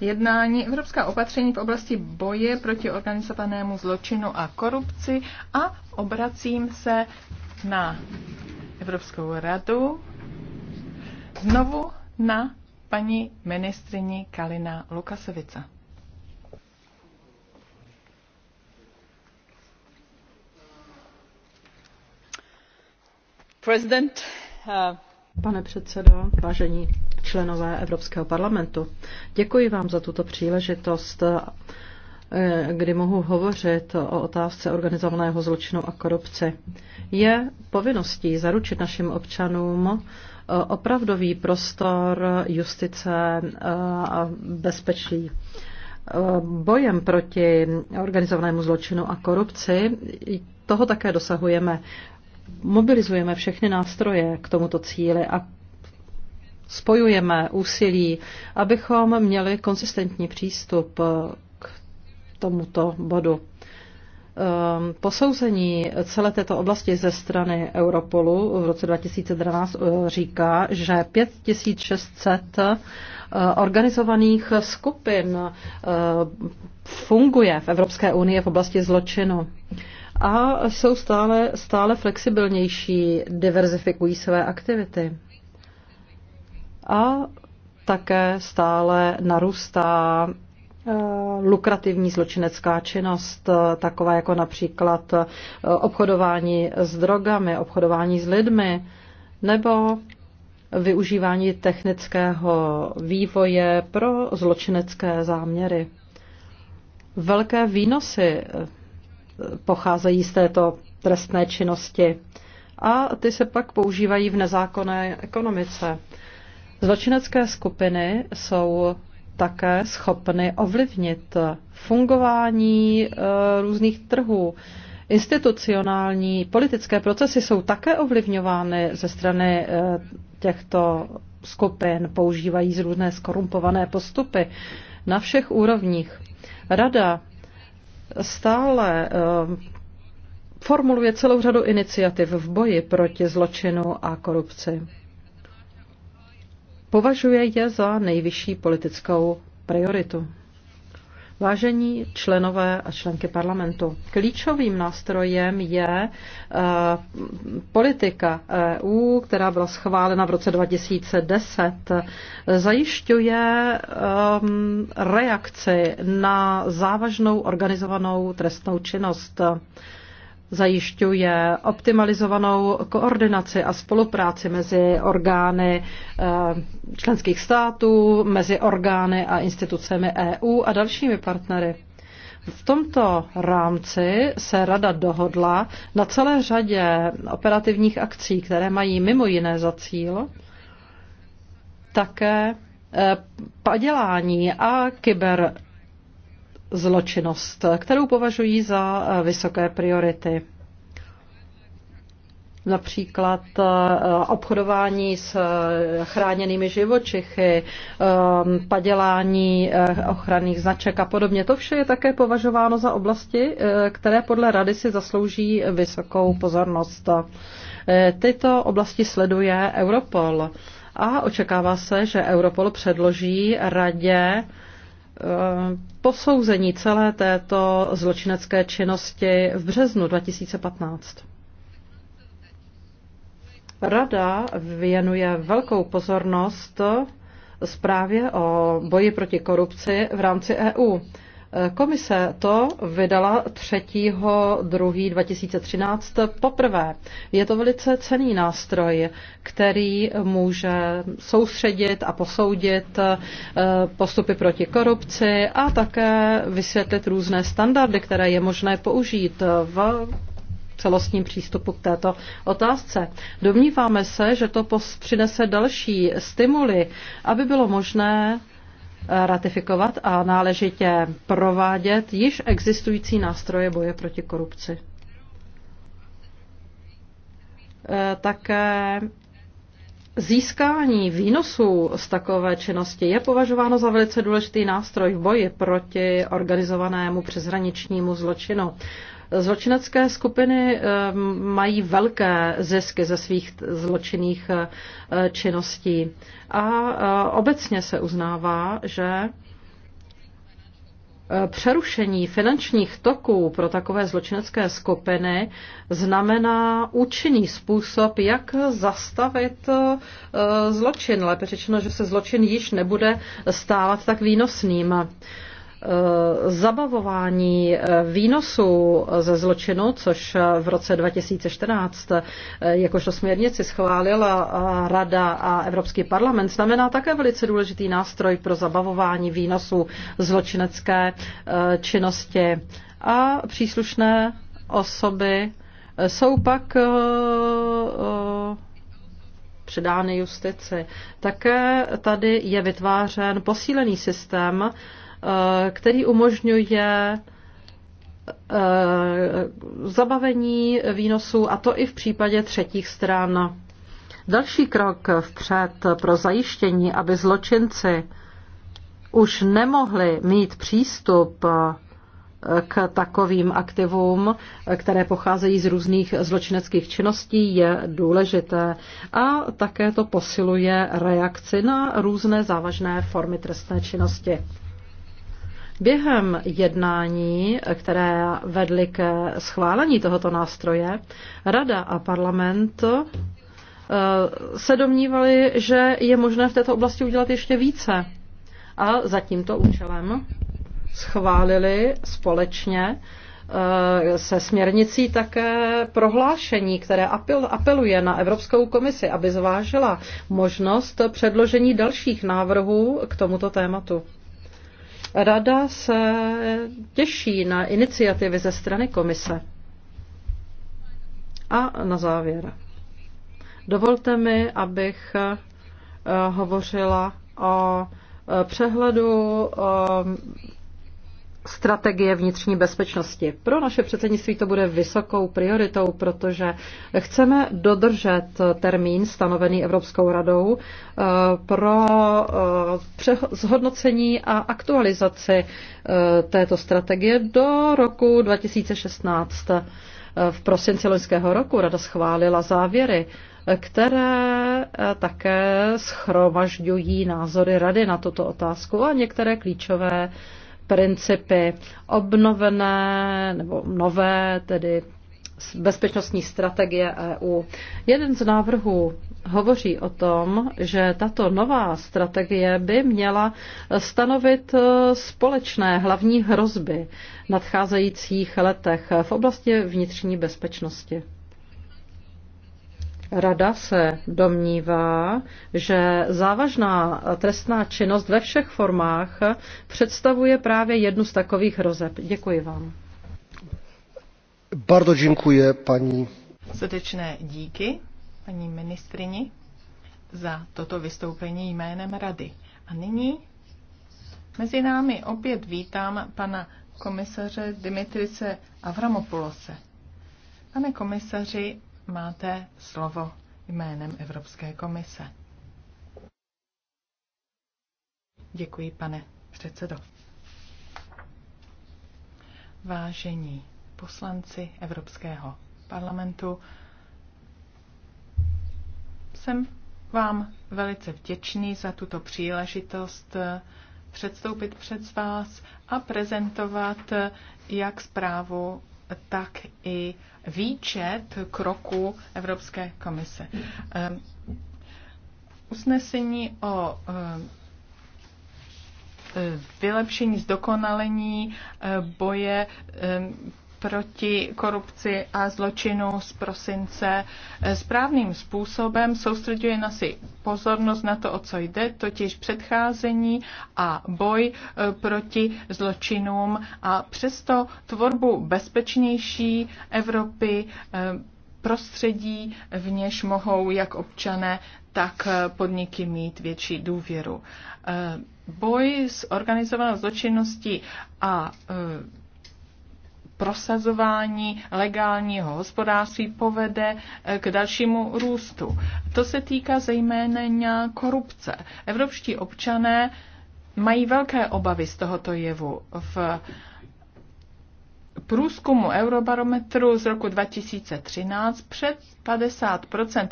jednání Evropská opatření v oblasti boje proti organizovanému zločinu a korupci a obracím se na Evropskou radu znovu na paní ministrini Kalina Lukasovica. President, uh... Pane předsedo, vážení členové Evropského parlamentu. Děkuji vám za tuto příležitost, eh, kdy mohu hovořit o otázce organizovaného zločinu a korupce. Je povinností zaručit našim občanům eh, opravdový prostor justice eh, a bezpečí. Bojem proti organizovanému zločinu a korupci toho také dosahujeme mobilizujeme všechny nástroje k tomuto cíli a spojujeme úsilí, abychom měli konsistentní přístup eh, k tomuto bodu. Ehm, posouzení celé této oblasti ze strany Europolu v roce 2012 eh, říká, že 5600 eh, organizovaných skupin funguje v Evropské unii v oblasti zločinu a jsou stále, stále flexibilnější, diverzifikují své aktivity a také stále narůstá eh, lukrativní zločinecká činnost, eh, taková jako například eh, obchodování s drogami, obchodování s lidmi nebo využívání technického vývoje pro zločinecké záměry. Velké výnosy pocházejí z této trestné činnosti a ty se pak používají v nezákonné ekonomice. Zločinecké skupiny jsou také schopny ovlivnit fungování eh, různých trhů. Institucionální politické procesy jsou také ovlivňovány ze strany eh, těchto skupin, používají z různé skorumpované postupy na všech úrovních. Rada stále eh, formuluje celou řadu iniciativ v boji proti zločinu a korupci. Považuje je za nejvyšší politickou prioritu. Vážení členové a členky parlamentu, klíčovým nástrojem je eh, politika EU, která byla schválena v roce 2010. Zajišťuje eh, reakci na závažnou organizovanou trestnou činnost zajišťuje optimalizovanou koordinaci a spolupráci mezi orgány eh, členských států, mezi orgány a institucemi EU a dalšími partnery. V tomto rámci se Rada dohodla na celé řadě operativních akcí, které mají mimo jiné za cíl také eh, padělání a kyber zločinnost, kterou považují za eh, vysoké priority. Například eh, obchodování s eh, chráněnými živočichy, padělání ochranných značek a podobně. To vše je také považováno za oblasti, které podle Rady si zaslouží vysokou pozornost. Tyto oblasti sleduje Europol a očekává se, že Europol předloží radě Eh, posouzení celé této zločinecké činnosti v březnu 2015. Rada věnuje velkou pozornost zprávě o boji proti korupci v rámci EU. Komise to vydala 3.2.2013 poprvé. Je to velice cený nástroj, který může soustředit a posoudit eh, postupy proti korupci a také vysvětlit různé standardy, které je možné použít v celostním přístupu k této otázce. Domníváme se, že to přinese další stimuly, aby bylo možné ratifikovat a náležitě provádět již existující nástroje boje proti korupci. E, také získání výnosů z takové činnosti je považováno za velice důležitý nástroj v boji proti organizovanému přeshraničnímu zločinu. Zločinecké skupiny eh, mají velké zisky ze svých zločinných eh, činností a eh, obecně se uznává, že Přerušení finančních toků pro takové zločinecké skupiny znamená účinný způsob, jak zastavit zločin. Lépe řečeno, že se zločin již nebude stávat tak výnosným. Eh, zabavování eh, výnosů ze zločinu, což v roce 2014 eh, jakožto směrnici schválila Rada a Evropský parlament, znamená také velice důležitý nástroj pro zabavování výnosů zločinecké činnosti a příslušné osoby jsou pak předány justici. Také tady je vytvářen posílený systém Eh, který umožňuje eh, zabavení výnosů, a to i v případě třetích stran. Další krok vpřed pro zajištění, aby zločinci už nemohli mít přístup eh, k takovým aktivům, které pocházejí z různých zločineckých činností, je důležité. A také to posiluje reakci na různé závažné formy trestné činnosti. Během jednání, které vedly ke schválení tohoto nástroje, Rada a parlament eh, se domnívali, že je možné v této oblasti udělat ještě více. A za tímto účelem schválili společně eh, se směrnicí také prohlášení, které apeluje na Evropskou komisi, aby zvážila možnost předložení dalších návrhů k tomuto tématu. Rada se těší na iniciativy ze strany komise. A na závěr. Dovolte mi, abych eh, hovořila o eh, přehledu eh, strategie vnitřní bezpečnosti. Pro naše předsednictví to bude vysokou prioritou, protože chceme dodržet termín stanovený Evropskou radou eh, pro eh, zhodnocení a aktualizaci eh, této strategie do roku 2016. V prosinci loňského roku rada schválila závěry které také schromažďují názory rady na tuto otázku a některé klíčové principy obnovené nebo nové, tedy bezpečnostní strategie EU. Jeden z návrhů hovoří o tom, že tato nová strategie by měla stanovit eh, společné hlavní hrozby nadcházejících letech v oblasti vnitřní bezpečnosti. Rada se domnívá, že závažná trestná činnost ve všech formách představuje právě jednu z takových hrozeb. Děkuji vám. Bardzo děkuji, paní. Srdečné díky paní ministrini za toto vystoupení jménem Rady. A nyní mezi námi opět vítám pana komisaře Dimitrice Avramopulose. Pane komisaři, máte slovo jménem Evropské komise. Děkuji, pane předsedo. Vážení poslanci Evropského parlamentu, jsem vám velice vděčný za tuto příležitost eh, předstoupit před vás a prezentovat eh, jak zprávu, tak i výčet kroků Evropské komise. Ehm, usnesení o ehm, e, vylepšení, zdokonalení e, boje ehm, proti korupci a zločinu z prosince správným způsobem, soustředuje na si pozornost na to, o co jde, totiž předcházení a boj e, proti zločinům a přesto tvorbu bezpečnější Evropy e, prostředí, v něž mohou jak občané, tak podniky mít větší důvěru. E, boj s organizovanou zločinností a prosazování legálního hospodářství povede eh, k dalšímu růstu. To se týká zejména korupce. Evropští občané mají velké obavy z tohoto jevu. V průzkumu Eurobarometru z roku 2013 před 50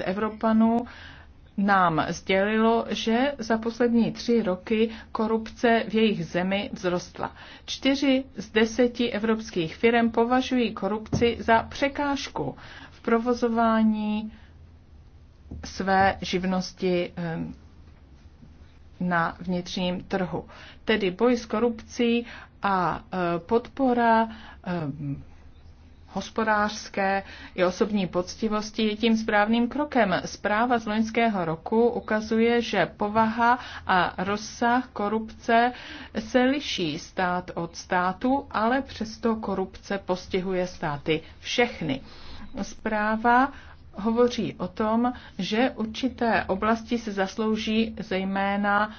Evropanů nám sdělilo, že za poslední tři roky korupce v jejich zemi vzrostla. Čtyři z deseti evropských firm považují korupci za překážku v provozování své živnosti ehm, na vnitřním trhu. Tedy boj s korupcí a e, podpora ehm, hospodářské i osobní poctivosti je tím správným krokem. Zpráva z loňského roku ukazuje, že povaha a rozsah korupce se liší stát od státu, ale přesto korupce postihuje státy všechny. Zpráva hovoří o tom, že určité oblasti se zaslouží zejména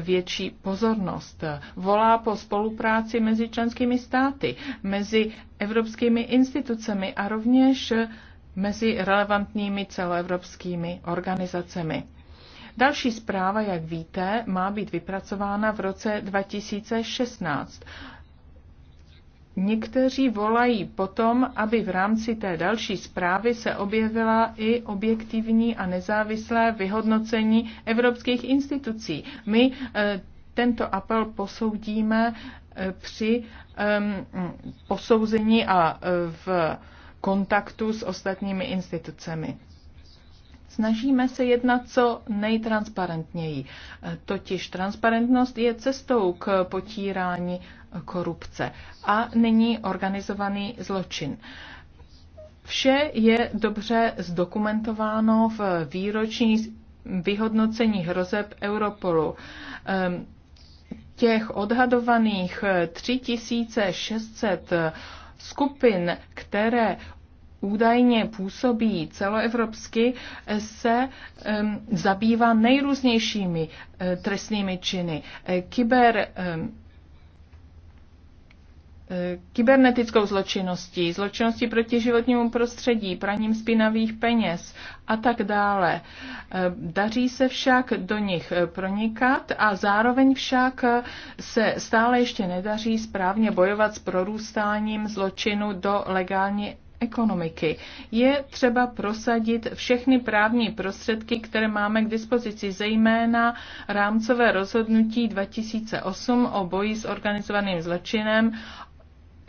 větší pozornost. Volá po spolupráci mezi členskými státy, mezi evropskými institucemi a rovněž mezi relevantními celoevropskými organizacemi. Další zpráva, jak víte, má být vypracována v roce 2016. Někteří volají potom, aby v rámci té další zprávy se objevila i objektivní a nezávislé vyhodnocení evropských institucí. My eh, tento apel posoudíme eh, při ehm, posouzení a eh, v kontaktu s ostatními institucemi. Snažíme se jednat co nejtransparentněji. E, totiž transparentnost je cestou k potírání korupce a není organizovaný zločin. Vše je dobře zdokumentováno v výroční vyhodnocení hrozeb Europolu. Ehm, těch odhadovaných 3600 e, skupin, které údajně působí celoevropsky, se um, zabývá nejrůznějšími uh, trestnými činy. Eh, kyber um, kybernetickou zločinností, zločinností proti životnímu prostředí, praním spinavých peněz a tak dále. Daří se však do nich pronikat a zároveň však se stále ještě nedaří správně bojovat s prorůstáním zločinu do legálně ekonomiky. Je třeba prosadit všechny právní prostředky, které máme k dispozici, zejména rámcové rozhodnutí 2008 o boji s organizovaným zločinem,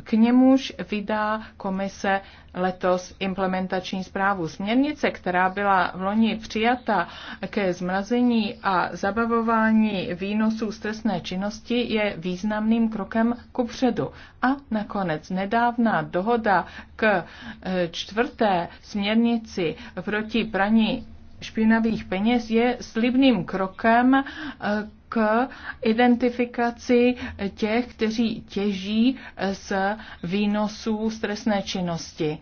k němuž vydá komise letos implementační zprávu. Směrnice, která byla v loni přijata ke zmrazení a zabavování výnosů z trestné činnosti, je významným krokem ku předu. A nakonec nedávná dohoda k e, čtvrté směrnici proti praní špinavých peněz je slibným krokem e, k identifikaci těch, kteří těží z výnosů stresné činnosti.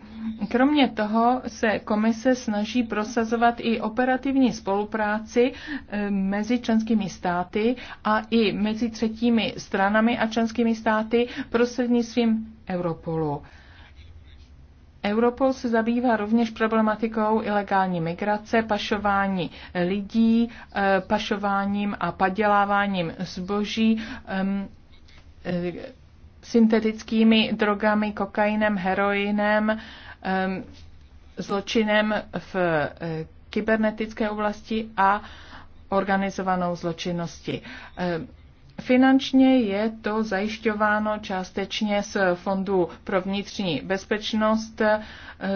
Kromě toho se komise snaží prosazovat i operativní spolupráci eh, mezi členskými státy a i mezi třetími stranami a členskými státy prostřednictvím Europolu. Europol se zabývá rovněž problematikou ilegální migrace, pašování lidí, eh, pašováním a paděláváním zboží, eh, syntetickými drogami, kokainem, heroinem, zločinem v eh, kybernetické oblasti a organizovanou zločinnosti. Finančně je to zajišťováno částečně z Fondu pro vnitřní bezpečnost eh,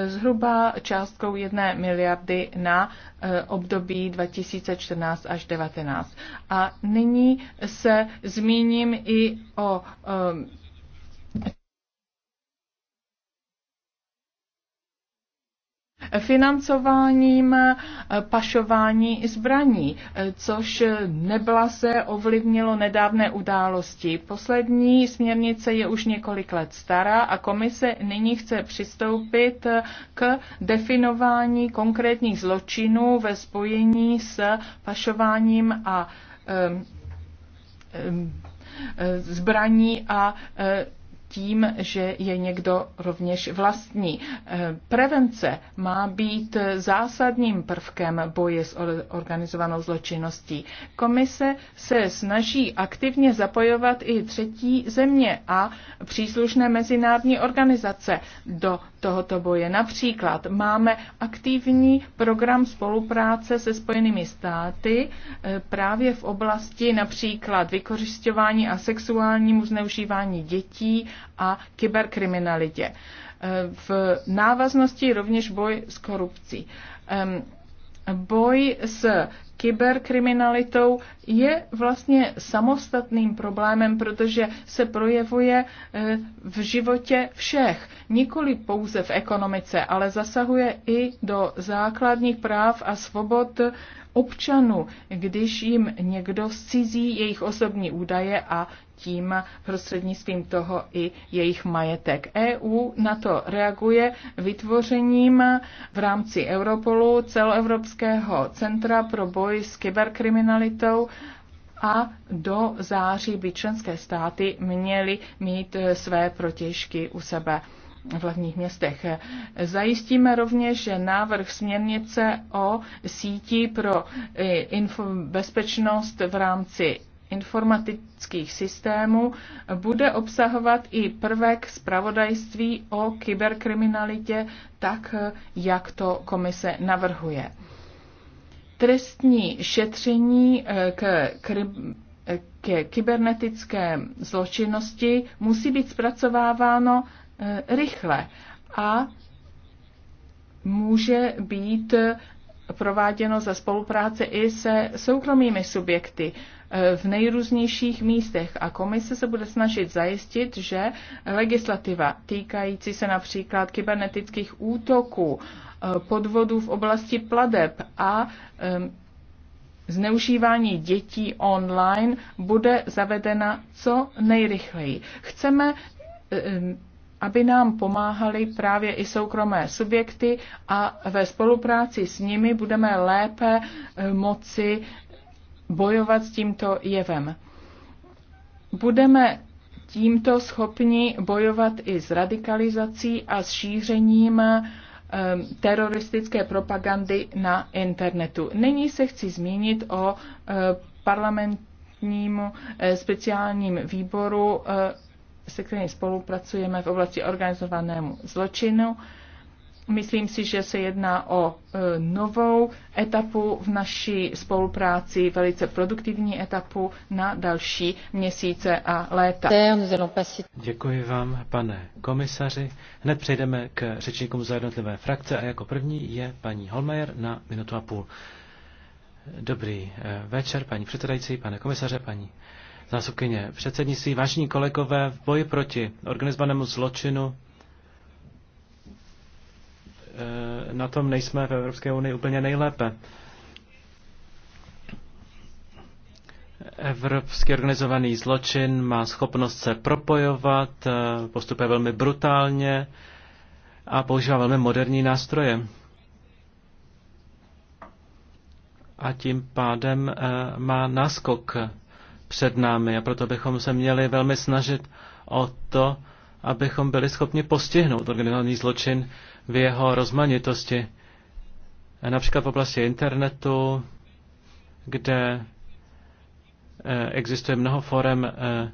zhruba částkou 1 miliardy na eh, období 2014 až 2019. A nyní se zmíním i o eh, financováním eh, pašování zbraní, eh, což nebyla se ovlivnilo nedávné události. Poslední směrnice je už několik let stará a komise nyní chce přistoupit eh, k definování konkrétních zločinů ve spojení s pašováním a um, um, zbraní a tím, že je někdo rovněž vlastní. E, prevence má být zásadním prvkem boje s organizovanou zločinností. Komise se snaží aktivně zapojovat i třetí země a příslušné mezinárodní organizace do tohoto boje. Například máme aktivní program spolupráce se Spojenými státy e, právě v oblasti například vykořišťování a sexuálnímu zneužívání dětí, a kyberkriminalitě. Eh, v návaznosti rovněž boj s korupcí. Boj s kyberkriminalitou je vlastně samostatným problémem, protože se projevuje eh, v životě všech, nikoli pouze v ekonomice, ale zasahuje i do základních práv a svobod občanů, když jim někdo zcizí jejich osobní údaje a tím prostřednictvím toho i jejich majetek. EU na to reaguje vytvořením v rámci Europolu celoevropského centra pro boj boj s kyberkriminalitou a do září by členské státy měly mít eh, své protěžky u sebe v hlavních městech. Zajistíme rovněž, že návrh směrnice o síti pro eh, bezpečnost v rámci informatických systémů bude obsahovat i prvek zpravodajství o kyberkriminalitě, tak eh, jak to komise navrhuje. Trestní šetření eh, k, k eh, kybernetické zločinnosti musí být zpracováváno eh, rychle a může být prováděno za spolupráce i se soukromými subjekty v nejrůznějších místech a komise se bude snažit zajistit, že legislativa týkající se například kybernetických útoků, podvodů v oblasti pladeb a zneužívání dětí online bude zavedena co nejrychleji. Chceme aby nám pomáhali právě i soukromé subjekty a ve spolupráci s nimi budeme lépe eh, moci bojovat s tímto jevem. Budeme tímto schopni bojovat i s radikalizací a s šířením Ehm, teroristické propagandy na internetu. Nyní se chci zmínit o eh, parlamentním eh, speciálním výboru, eh, se kterým spolupracujeme v oblasti organizovanému zločinu. Myslím si, že se jedná o e, novou etapu v naší spolupráci, velice produktivní etapu na další měsíce a léta. Děkuji vám, pane komisaři. Hned přejdeme k řečníkům za jednotlivé frakce a jako první je paní Holmeier na minutu a půl. Dobrý e, večer, paní předsedající, pane komisaře, paní zástupkyně předsednictví, vážní kolegové, v boji proti organizovanému zločinu Eh, na tom nejsme v Evropské unii úplně nejlépe. Evropský organizovaný zločin má schopnost se propojovat, eh, postupuje velmi brutálně a používá velmi moderní nástroje. A tím pádem eh, má náskok před námi a proto bychom se měli velmi snažit o to, abychom byli schopni postihnout organizovaný zločin v jeho rozmanitosti. Například v oblasti internetu, kde eh, existuje mnoho forem eh,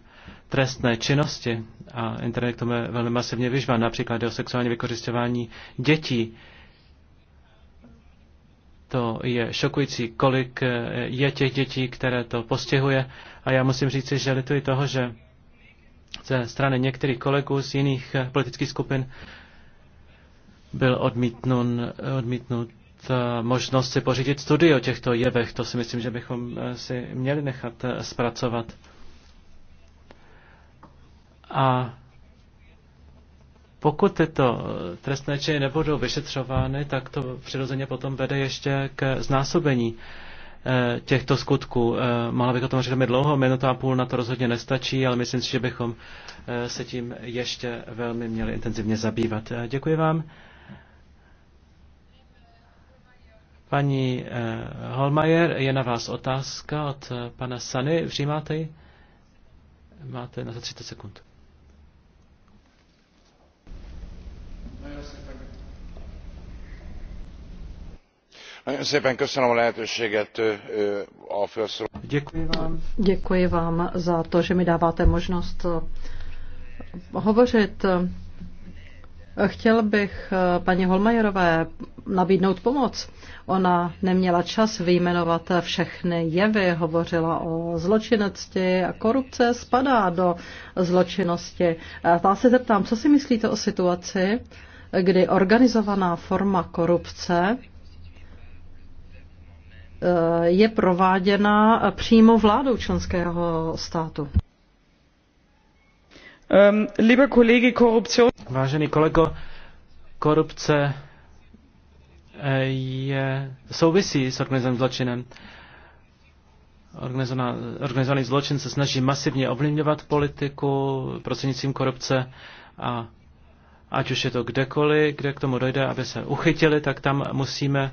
trestné činnosti a internet k tomu je velmi masivně vyžván, například o sexuální vykořišťování dětí. To je šokující, kolik eh, je těch dětí, které to postihuje a já musím říct, že lituji toho, že ze strany některých kolegů z jiných politických skupin byl odmítnut, odmítnut eh, možnost si pořídit studii o těchto jevech. To si myslím, že bychom eh, si měli nechat eh, zpracovat. A pokud tyto trestné činy nebudou vyšetřovány, tak to přirozeně potom vede ještě k znásobení těchto skutků. Mohla bych o tom říct mi dlouho, minuta a půl na to rozhodně nestačí, ale myslím si, že bychom se tím ještě velmi měli intenzivně zabývat. Děkuji vám. Paní eh, Holmajer, je na vás otázka od eh, pana Sany. Přijímáte ji? Máte na to 30 sekund. Děkuji vám. Děkuji vám za to, že mi dáváte možnost eh, hovořit. Chtěl bych paní Holmajerové nabídnout pomoc. Ona neměla čas vyjmenovat všechny jevy, hovořila o zločinnosti a korupce spadá do zločinnosti. Já se zeptám, co si myslíte o situaci, kdy organizovaná forma korupce eh, je prováděna přímo vládou členského státu. Um, liebe Kollege, Vážený kolego, korupce je, souvisí s organizovaným zločinem. organizovaný zločin se snaží masivně ovlivňovat politiku prostřednictvím korupce a ať už je to kdekoliv, kde k tomu dojde, aby se uchytili, tak tam musíme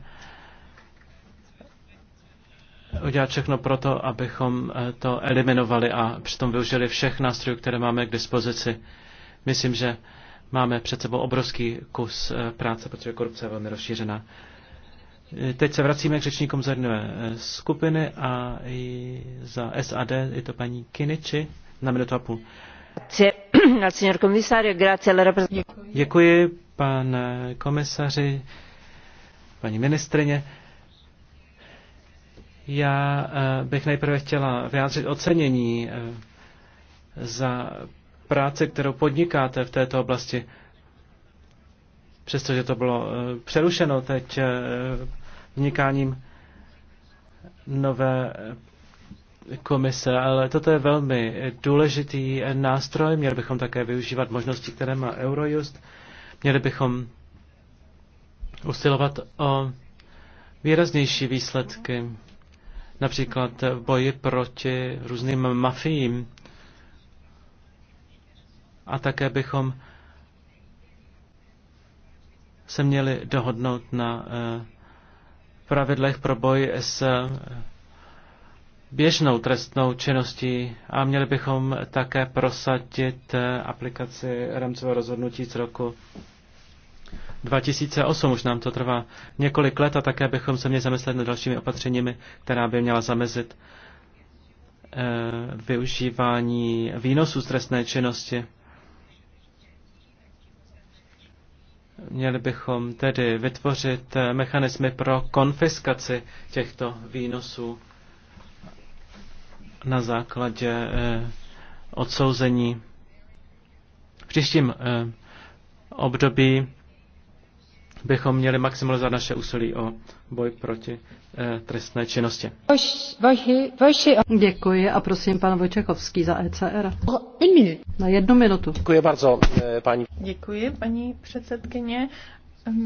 udělat všechno pro to, abychom eh, to eliminovali a přitom využili všech nástrojů, které máme k dispozici. Myslím, že Máme před sebou obrovský kus eh, práce, protože korupce je velmi rozšířená. Eh, teď se vracíme k řečníkům z jedné eh, skupiny a i za SAD je to paní Kiniči na minutu a půl. Děkuji, pane komisaři, paní ministrině. Já bych nejprve chtěla vyjádřit ocenění za práci, kterou podnikáte v této oblasti. Přestože to bylo eh, přerušeno teď eh, vnikáním nové eh, komise, ale toto je velmi důležitý nástroj. Měli bychom také využívat možnosti, které má Eurojust. Měli bychom usilovat o výraznější výsledky, například v boji proti různým mafiím a také bychom se měli dohodnout na eh, pravidlech pro boj s eh, běžnou trestnou činností a měli bychom také prosadit eh, aplikaci rámcového rozhodnutí z roku 2008. Už nám to trvá několik let a také bychom se měli zamyslet nad dalšími opatřeními, která by měla zamezit využívání výnosů z trestné činnosti. Měli bychom tedy vytvořit eh, mechanismy pro konfiskaci těchto výnosů na základě eh, odsouzení. V příštím eh, období bychom měli maximalizovat naše úsilí o boj proti eh, trestné činnosti. Děkuji a prosím pan Vojčekovský za ECR. Na jednu minutu. Děkuji bardzo, eh, paní. Děkuji, paní předsedkyně.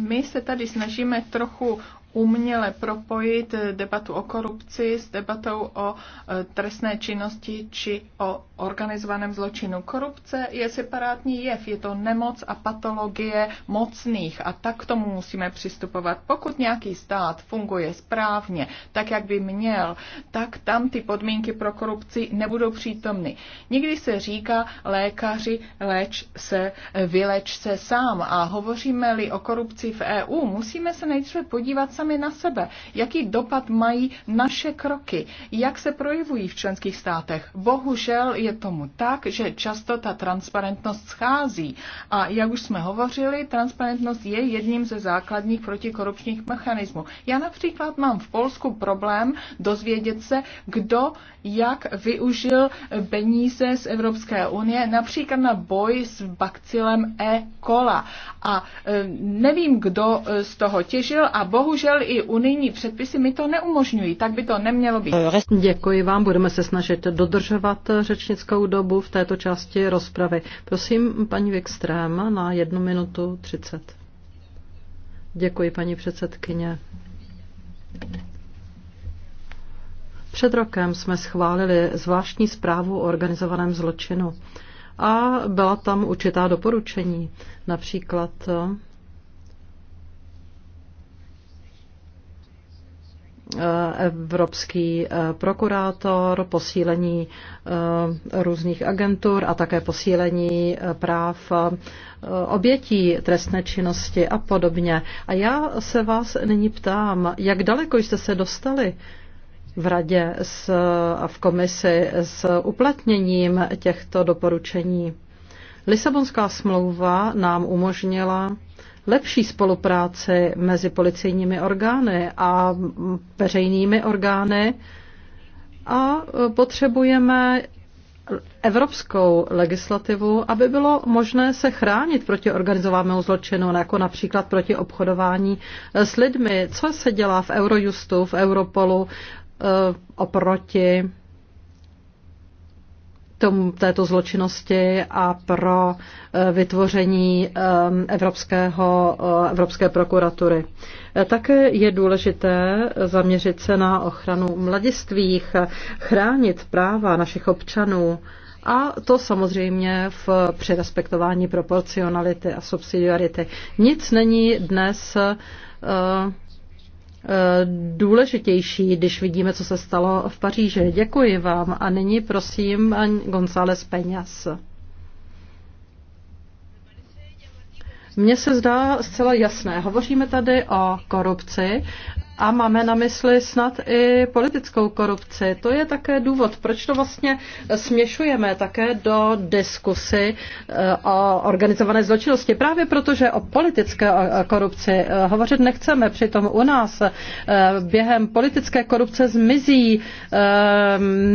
My se tady snažíme trochu uměle propojit debatu o korupci s debatou o e, trestné činnosti či o organizovaném zločinu. Korupce je separátní jev, je to nemoc a patologie mocných a tak k tomu musíme přistupovat. Pokud nějaký stát funguje správně, tak jak by měl, tak tam ty podmínky pro korupci nebudou přítomny. Nikdy se říká lékaři léč se, e, vyleč se sám a hovoříme-li o korupci v EU, musíme se nejdříve podívat sami sami na sebe, jaký dopad mají naše kroky, jak se projevují v členských státech. Bohužel je tomu tak, že často ta transparentnost schází. A jak už jsme hovořili, transparentnost je jedním ze základních protikorupčních mechanismů. Já například mám v Polsku problém dozvědět se, kdo jak využil peníze z Evropské unie, například na boj s bakcilem E. cola. A e, nevím, kdo e, z toho těžil a bohužel bohužel i unijní předpisy mi to neumožňují, tak by to nemělo být. Eh, Děkuji vám, budeme se snažit dodržovat eh, řečnickou dobu v této části rozpravy. Prosím, paní Wikström, na jednu minutu třicet. Děkuji, paní předsedkyně. Před rokem jsme schválili zvláštní zprávu o organizovaném zločinu a byla tam určitá doporučení, například eh, evropský eh, prokurátor, posílení eh, různých agentur a také posílení eh, práv obětí trestné činnosti a podobně. A já se vás nyní ptám, jak daleko jste se dostali v radě s, a v komisi s uplatněním těchto doporučení? Lisabonská smlouva nám umožnila lepší spolupráci mezi policejními orgány a veřejnými orgány a potřebujeme evropskou legislativu, aby bylo možné se chránit proti organizovanému zločinu, jako například proti obchodování s lidmi. Co se dělá v Eurojustu, v Europolu eh, oproti tomu, této zločinnosti a pro eh, vytvoření eh, evropského, eh, Evropské prokuratury. Také je důležité zaměřit se na ochranu mladistvých, chránit práva našich občanů a to samozřejmě v přerespektování proporcionality a subsidiarity. Nic není dnes uh, Eh, důležitější, když vidíme, co se stalo v Paříži. Děkuji vám a nyní prosím González Peňas. Mně se zdá zcela jasné. Hovoříme tady o korupci a máme na mysli snad i politickou korupci. To je také důvod, proč to vlastně směšujeme také do diskusy eh, o organizované zločinnosti. Právě protože o politické eh, korupci eh, hovořit nechceme. Přitom u nás během politické korupce zmizí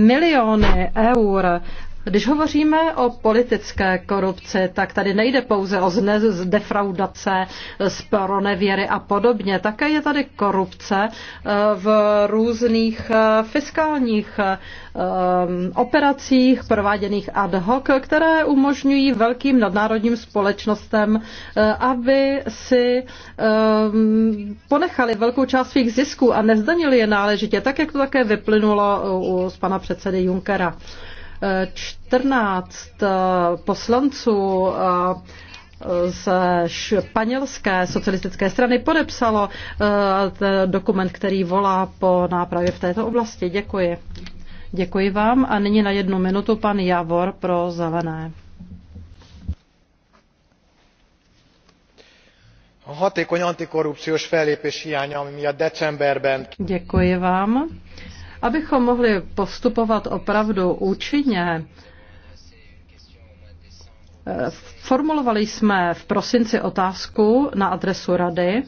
miliony eur když hovoříme o politické korupci, tak tady nejde pouze o z defraudace, z pronevěry a podobně. Také je tady korupce eh, v různých eh, fiskálních eh, operacích prováděných ad hoc, které umožňují velkým nadnárodním společnostem, aby si ponechali velkou část svých zisků a nezdanili je náležitě, tak jak to také vyplynulo z pana předsedy Junckera. 14 eh, poslanců eh, z španělské socialistické strany podepsalo eh, dokument, který volá po nápravě v této oblasti. Děkuji. Děkuji vám a nyní na jednu minutu pan Javor pro zelené. hatékony antikorrupciós fellépés hiánya, ami miatt decemberben... Děkuji vám. Abychom mohli postupovat opravdu účinně, eh, formulovali jsme v prosinci otázku na adresu Rady,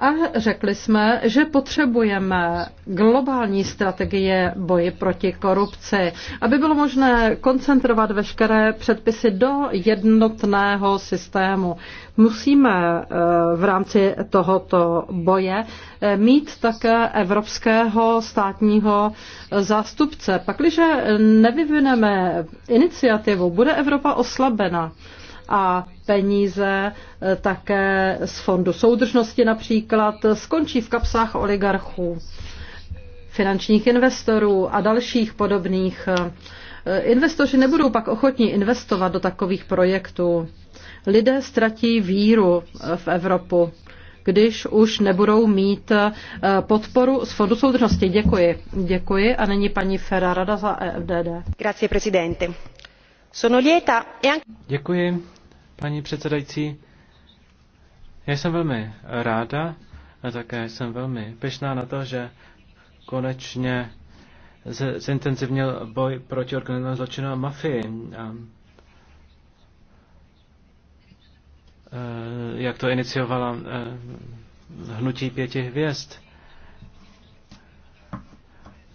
a řekli jsme, že potřebujeme globální strategie boji proti korupci, aby bylo možné koncentrovat veškeré předpisy do jednotného systému. Musíme eh, v rámci tohoto boje eh, mít také evropského státního zástupce. Pakliže nevyvineme iniciativu, bude Evropa oslabena a peníze eh, také z fondu soudržnosti například skončí v kapsách oligarchů, finančních investorů a dalších podobných. Eh, investoři nebudou pak ochotní investovat do takových projektů. Lidé ztratí víru eh, v Evropu, když už nebudou mít podporu z Fondu soudržnosti. Děkuji. Děkuji a není paní Ferrarada za EFDD. Grazie, presidente. Sono lieta e anche... Děkuji paní předsedající. Já jsem velmi ráda a také jsem velmi pešná na to, že konečně zintenzivnil boj proti organizovanému zločinu a mafii. A, e, jak to iniciovala e, hnutí pěti hvězd.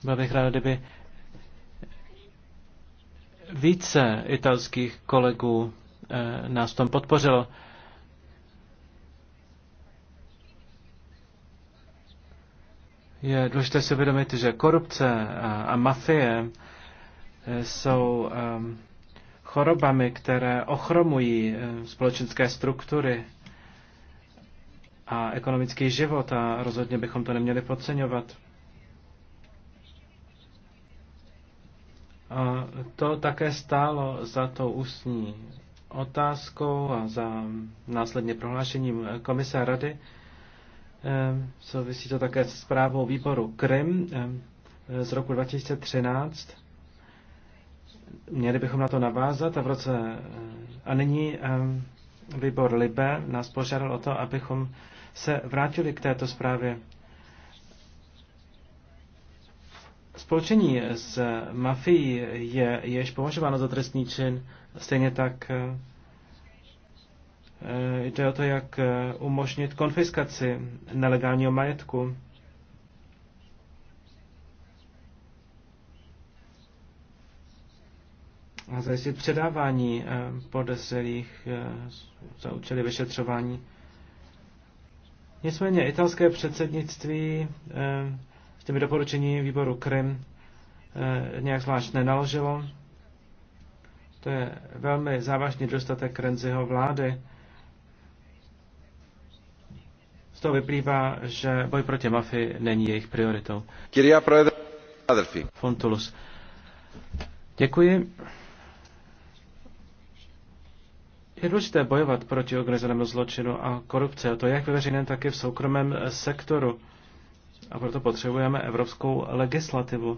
Byl bych rád, kdyby více italských kolegů Eh, nás v tom podpořilo. Je důležité si uvědomit, že korupce a mafie eh, jsou ehm, chorobami, které ochromují eh, společenské struktury a ekonomický život a rozhodně bychom to neměli podceňovat. A to také stálo za to ústní otázkou a za následně prohlášením komise rady. Souvisí to také s zprávou výboru Krym z roku 2013. Měli bychom na to navázat a v roce a nyní výbor Libe nás požádal o to, abychom se vrátili k této zprávě. Spolčení s mafií je jež považováno za trestný čin Stejně tak eh, eh, jde o to, jak eh, umožnit konfiskaci nelegálního majetku. A zajistit předávání podezřelých za účely vyšetřování. Nicméně italské předsednictví s těmi doporučení výboru Krym nějak zvlášť nenaložilo. To je velmi závažný dostatek Renziho vlády. Z toho vyplývá, že boj proti mafii není jejich prioritou. Adelfi. Fontulus. Děkuji. Je důležité bojovat proti organizovanému zločinu a korupci, a to jak ve veřejném, tak i v soukromém sektoru. A proto potřebujeme evropskou legislativu.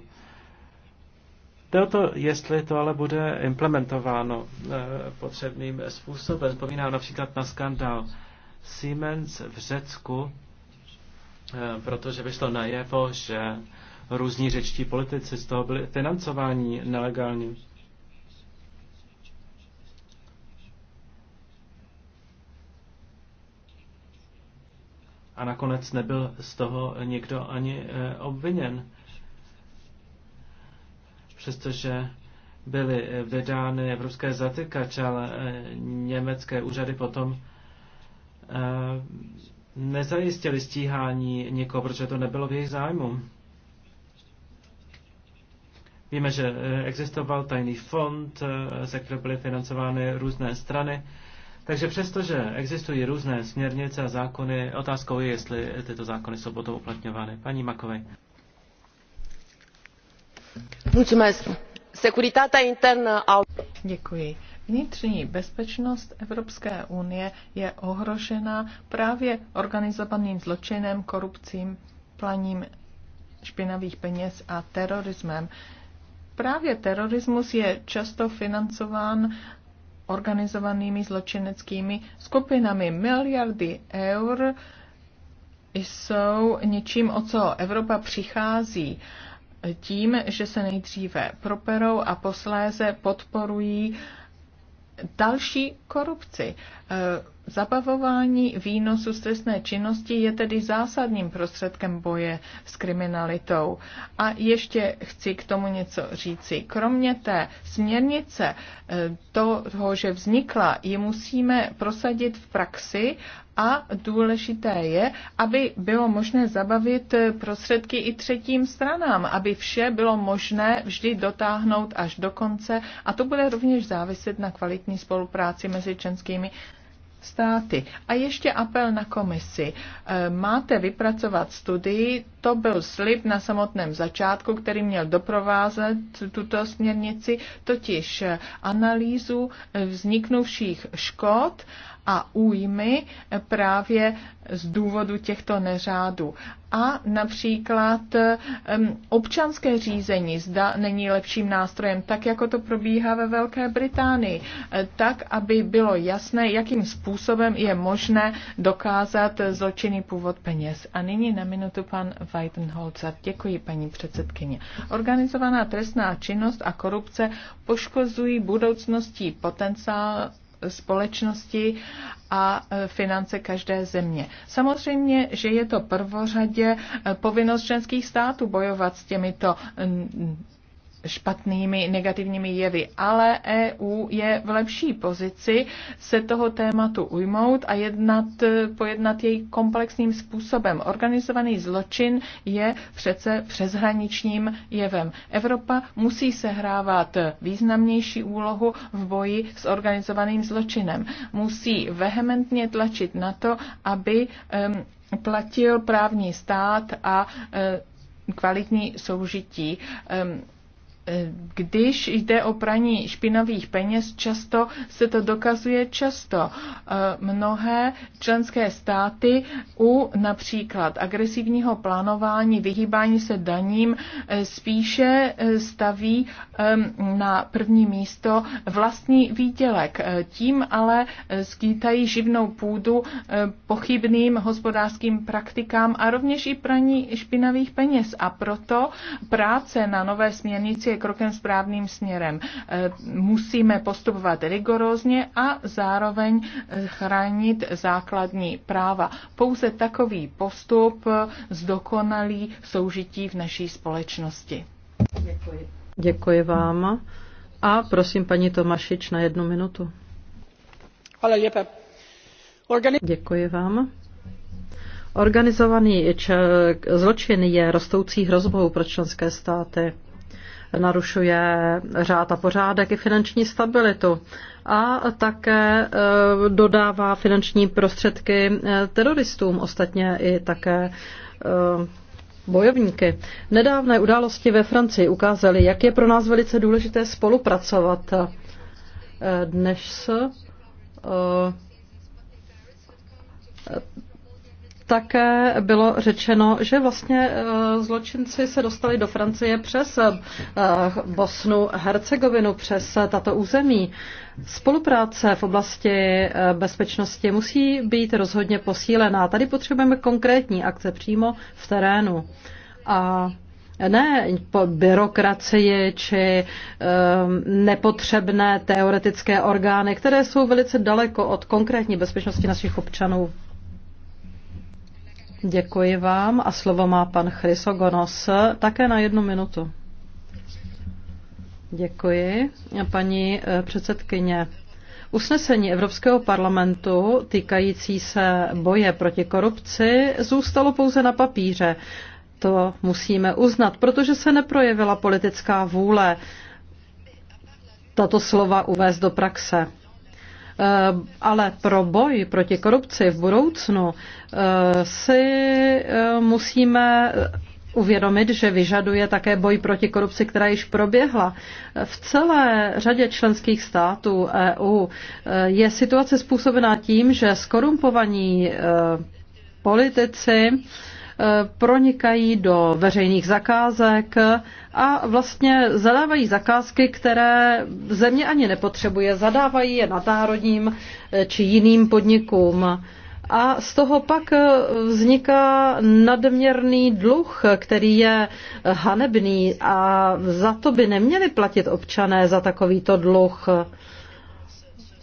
Jde o to, jestli to ale bude implementováno eh, potřebným způsobem. Vzpomínám například na skandál Siemens v Řecku, eh, protože vyšlo najevo, že různí řečtí politici z toho byli financováni nelegálně. A nakonec nebyl z toho nikdo ani eh, obviněn přestože byly eh, vydány evropské zatykače, ale eh, německé úřady potom eh, nezajistili stíhání nikoho, protože to nebylo v jejich zájmu. Víme, že existoval tajný fond, ze kterého byly financovány různé strany. Takže přestože existují různé směrnice a zákony, otázkou je, jestli tyto zákony jsou potom uplatňovány. Paní Makovej. Děkuji. Vnitřní bezpečnost Evropské unie je ohrožena právě organizovaným zločinem, korupcí, praním špinavých peněz a terorismem. Právě terorismus je často financován organizovanými zločineckými skupinami. Miliardy eur jsou něčím, o co Evropa přichází tím, že se nejdříve properou a posléze podporují další korupci. Eh, Zabavování výnosu z trestné činnosti je tedy zásadním prostředkem boje s kriminalitou. A ještě chci k tomu něco říci. Kromě té směrnice, eh, toho, že vznikla, ji musíme prosadit v praxi a důležité je, aby bylo možné zabavit eh, prostředky i třetím stranám, aby vše bylo možné vždy dotáhnout až do konce a to bude rovněž záviset na kvalitní spolupráci mezi členskými státy. A ještě apel na komisi. E, máte vypracovat studii, to byl slib na samotném začátku, který měl doprovázet tuto směrnici, totiž analýzu vzniknuvších škod a újmy právě z důvodu těchto neřádů. A například občanské řízení zda není lepším nástrojem, tak jako to probíhá ve Velké Británii, tak, aby bylo jasné, jakým způsobem je možné dokázat zločinný původ peněz. A nyní na minutu pan Weidenholzer. Děkuji, paní předsedkyně. Organizovaná trestná činnost a korupce poškozují budoucností potenciál společnosti a e, finance každé země. Samozřejmě, že je to prvořadě e, povinnost členských států bojovat s těmito špatnými negativními jevy, ale EU je v lepší pozici se toho tématu ujmout a jednat, pojednat jej komplexním způsobem. Organizovaný zločin je přece přeshraničním jevem. Evropa musí sehrávat významnější úlohu v boji s organizovaným zločinem. Musí vehementně tlačit na to, aby um, platil právní stát a um, kvalitní soužití. Um, Eh, když jde o praní špinavých peněz, často se to dokazuje často. Eh, mnohé členské státy u například agresivního plánování, vyhýbání se daním eh, spíše staví ehm, na první místo vlastní výdělek. Tím ale skýtají živnou půdu pochybným hospodářským praktikám a rovněž i praní špinavých peněz. A proto práce na nové směrnici je krokem správným směrem. Eh, musíme postupovat rigorózně a zároveň eh, chránit základní práva. Pouze takový postup eh, zdokonalí soužití v naší společnosti. Děkuji. Děkuji vám. A prosím paní Tomašič na jednu minutu. Organi- Děkuji vám. Organizovaný zločin je rostoucí hrozbou pro členské státy narušuje řád a pořádek i finanční stabilitu a také eh, dodává finanční prostředky eh, teroristům, ostatně i také eh, bojovníky. Nedávné události ve Francii ukázaly, jak je pro nás velice důležité spolupracovat. Dnes také bylo řečeno, že vlastně eh, zločinci se dostali do Francie přes eh, Bosnu, Hercegovinu, přes eh, tato území. Spolupráce v oblasti bezpečnosti musí být rozhodně posílená. Tady potřebujeme konkrétní akce přímo v terénu. A ne po byrokracii či um, nepotřebné teoretické orgány, které jsou velice daleko od konkrétní bezpečnosti našich občanů. Děkuji vám a slovo má pan Chrysogonos také na jednu minutu. Děkuji. Paní eh, předsedkyně, Usnesení Evropského parlamentu týkající se boje proti korupci zůstalo pouze na papíře. To musíme uznat, protože se neprojevila politická vůle tato slova uvést do praxe. Eh, ale pro boj proti korupci v budoucnu eh, si eh, musíme uvědomit, že vyžaduje také boj proti korupci, která již proběhla. V celé řadě členských států EU je situace způsobená tím, že skorumpovaní politici Eh, pronikají do veřejných zakázek a vlastně zadávají zakázky, které země ani nepotřebuje, zadávají je nadnárodním eh, či jiným podnikům. A z toho pak eh, vzniká nadměrný dluh, který je hanebný a za to by neměli platit občané za takovýto dluh.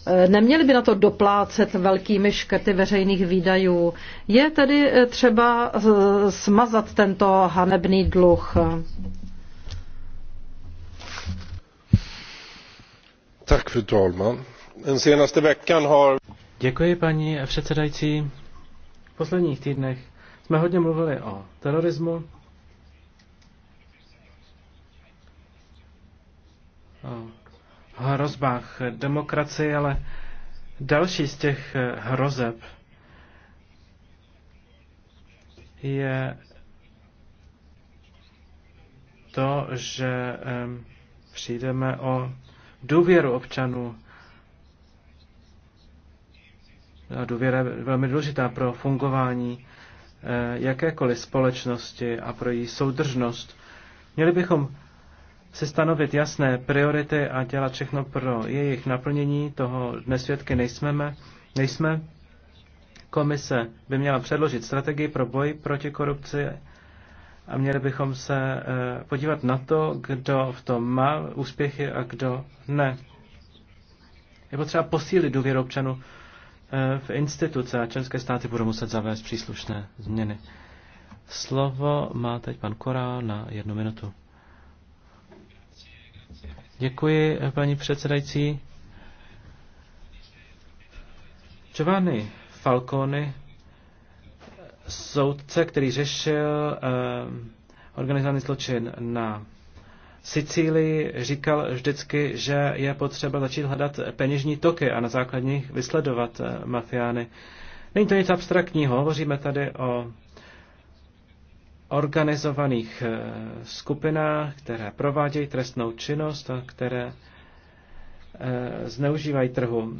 Eh, neměli by na to doplácet velkými škrty veřejných výdajů. Je tedy eh, třeba eh, smazat tento hanebný dluh. Tak, fru talman. Den senaste veckan har... Děkuji, paní předsedající. V posledních týdnech jsme hodně mluvili o terorismu, o hrozbách demokracie, ale další z těch hrozeb je to, že přijdeme o důvěru občanů. A důvěra je velmi důležitá pro fungování eh, jakékoliv společnosti a pro její soudržnost. Měli bychom si stanovit jasné priority a dělat všechno pro jejich naplnění. Toho dnes svědky nejsme. nejsme. Komise by měla předložit strategii pro boj proti korupci a měli bychom se eh, podívat na to, kdo v tom má úspěchy a kdo ne. Je potřeba posílit důvěru občanů eh, v instituce a členské státy budou muset zavést příslušné změny. Slovo má teď pan Korál na jednu minutu. Děkuji, paní předsedající. Giovanni Falcone, soudce, který řešil eh, organizovaný zločin na Sicílii, říkal vždycky, že je potřeba začít hledat peněžní toky a na základních vysledovat eh, mafiány. Není to nic abstraktního, hovoříme tady o organizovaných eh, skupinách, které provádějí trestnou činnost a které eh, zneužívají trhu.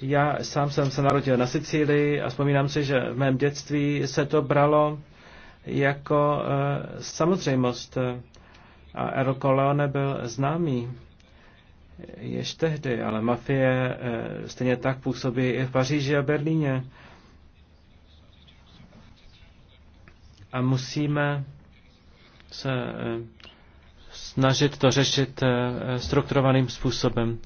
Já sám jsem se narodil na Sicílii a vzpomínám si, že v mém dětství se to bralo jako eh, samozřejmost. A Ero byl známý ještě tehdy, ale mafie stejně tak působí i v Paříži a Berlíně. a musíme se eh, snažit to řešit eh, strukturovaným způsobem.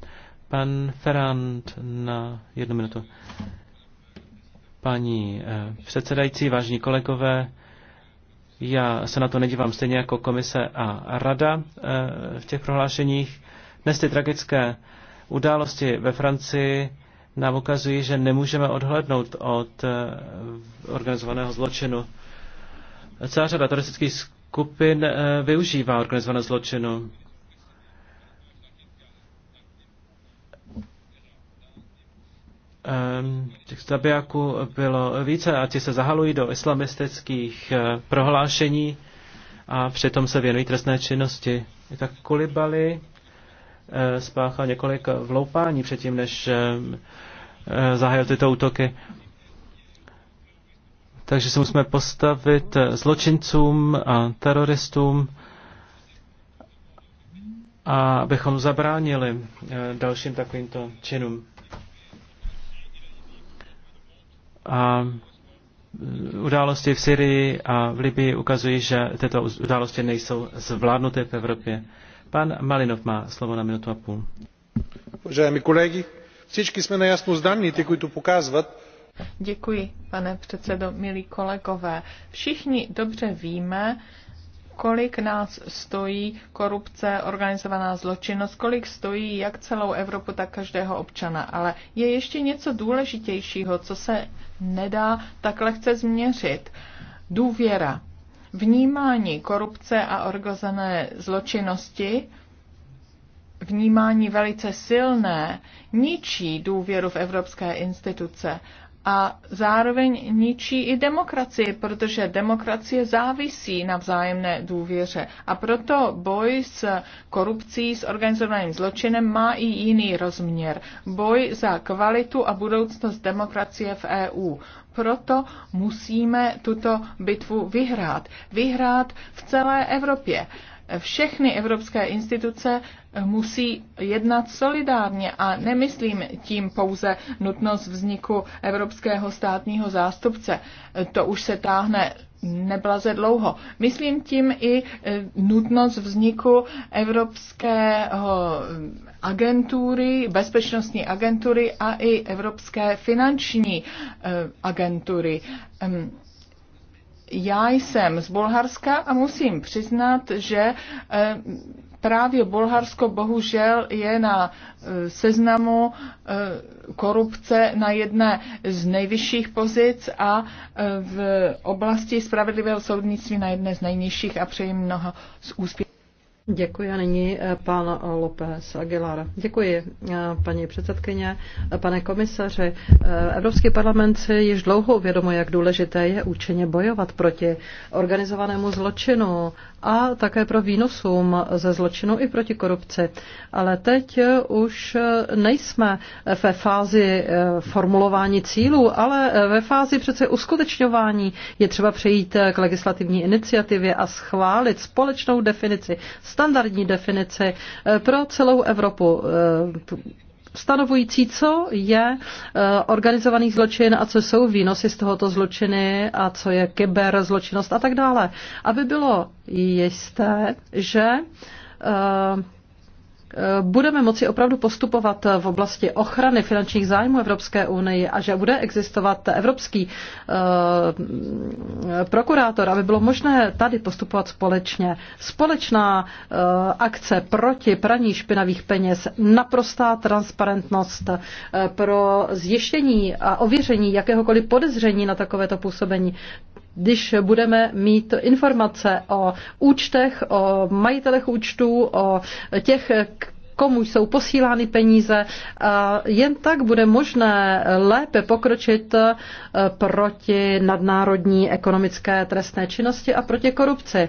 Pan Ferrand na jednu minutu. Paní eh, předsedající, vážní kolegové, já se na to nedívám stejně jako komise a rada v těch prohlášeních. Dnes ty tragické události ve Francii nám ukazují, že nemůžeme odhlednout od organizovaného zločinu celá řada teroristických skupin eh, využívá organizované zločinu. Ehm, těch zabijáků bylo více a ti se zahalují do islamistických eh, prohlášení a přitom se věnují trestné činnosti. I tak Kulibali eh, spáchal několik vloupání předtím, než zahájil tyto útoky. Takže se musíme postavit zločincům a teroristům, a abychom zabránili eh, dalším takovýmto činům. A eh, události v Syrii a v Libii ukazují, že tyto události nejsou zvládnuté v Evropě. Pan Malinov má slovo na minutu a půl. Vážení kolegy, všichni jsme na jasnou zdaní, ty, kteří tu показват, Děkuji, pane předsedo, milí kolegové. Všichni dobře víme, kolik nás stojí korupce, organizovaná zločinnost, kolik stojí jak celou Evropu, tak každého občana. Ale je ještě něco důležitějšího, co se nedá tak lehce změřit. Důvěra. Vnímání korupce a organizované zločinnosti vnímání velice silné ničí důvěru v evropské instituce a zároveň ničí i demokracii, protože demokracie závisí na vzájemné důvěře. A proto boj s korupcí, s organizovaným zločinem má i jiný rozměr. Boj za kvalitu a budoucnost demokracie v EU. Proto musíme tuto bitvu vyhrát. Vyhrát v celé Evropě všechny evropské instituce musí jednat solidárně a nemyslím tím pouze nutnost vzniku evropského státního zástupce. To už se táhne neblaze dlouho. Myslím tím i eh, nutnost vzniku evropského agentury, bezpečnostní agentury a i evropské finanční eh, agentury. Ehm, já jsem z Bulharska a musím přiznat, že eh, právě Bulharsko bohužel je na eh, seznamu eh, korupce na jedné z nejvyšších pozic a v oblasti spravedlivého soudnictví na jedné z nejnižších a přeji mnoho z úspěchů. Děkuji a nyní eh, pan López Aguilar. Děkuji, eh, paní předsedkyně, pane komisaři. Eh, Evropský parlament si již dlouho uvědomuje, jak důležité je účinně bojovat proti organizovanému zločinu a také pro výnosům ze zločinu i proti korupci. Ale teď už nejsme ve fázi eh, formulování cílů, ale eh, ve fázi přece uskutečňování je třeba přejít eh, k legislativní iniciativě a schválit společnou definici, standardní definici pro celou Evropu stanovující, co je eh, organizovaný zločin a co jsou výnosy z tohoto zločiny a co je zločinnost a tak dále. Aby bylo jisté, že eh, Eh, budeme moci opravdu postupovat eh, v oblasti ochrany finančních zájmů Evropské unie a že bude existovat evropský eh, prokurátor, aby bylo možné tady postupovat společně. Společná akce proti praní špinavých peněz, naprostá transparentnost pro zjištění a ověření jakéhokoliv podezření na takovéto působení když budeme mít informace o účtech, o majitelech účtů, o těch, komu jsou posílány peníze. A jen tak bude možné lépe pokročit e, proti nadnárodní ekonomické trestné činnosti a proti korupci.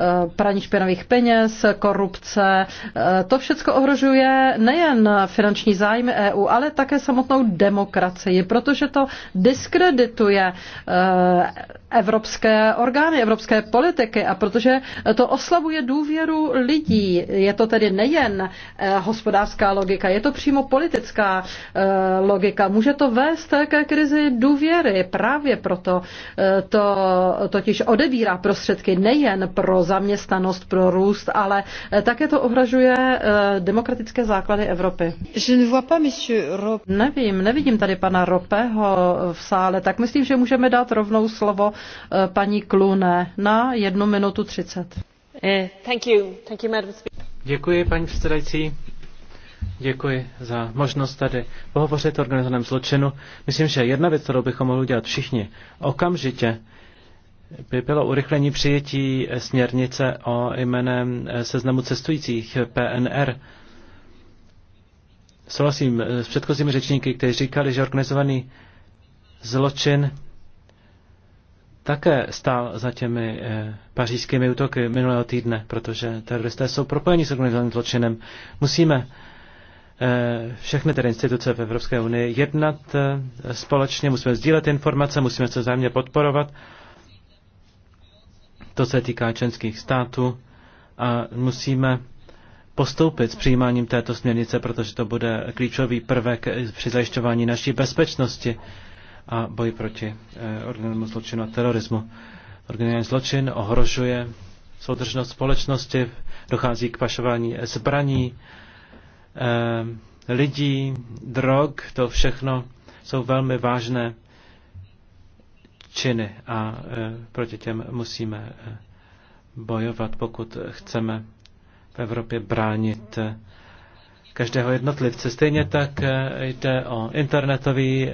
Eh, praní špinavých peněz, korupce. Eh, to všechno ohrožuje nejen finanční zájmy EU, ale také samotnou demokracii, protože to diskredituje eh, evropské orgány, evropské politiky a protože to oslabuje důvěru lidí. Je to tedy nejen hospodářská logika, je to přímo politická logika. Může to vést ke krizi důvěry. Právě proto to totiž odebírá prostředky nejen pro zaměstnanost, pro růst, ale eh, také to ohražuje eh, demokratické základy Evropy. Nevím, nevidím tady pana Ropeho v sále, tak myslím, že můžeme dát rovnou slovo eh, paní Klune na jednu minutu třicet. Děkuji, paní předsedající. Děkuji za možnost tady pohovořit o organizovaném zločinu. Myslím, že jedna věc, kterou bychom mohli udělat všichni okamžitě, by bylo urychlení přijetí směrnice o jménem eh, seznamu cestujících PNR. Souhlasím eh, s předchozími řečníky, kteří říkali, že organizovaný zločin také stál za těmi eh, pařížskými útoky minulého týdne, protože teroristé jsou propojeni s organizovaným zločinem. Musíme všechny tedy instituce v Evropské unii jednat společně, musíme sdílet informace, musíme se vzájemně podporovat to se týká členských států a musíme postoupit s přijímáním této směrnice, protože to bude klíčový prvek při zajišťování naší bezpečnosti a boji proti eh, organizovanému zločinu a terorismu. Organizovaný zločin ohrožuje soudržnost společnosti, dochází k pašování zbraní, eh, lidí, drog, to všechno jsou velmi vážné činy a e, proti těm musíme e, bojovat, pokud chceme v Evropě bránit e, každého jednotlivce. Stejně tak jde o internetový,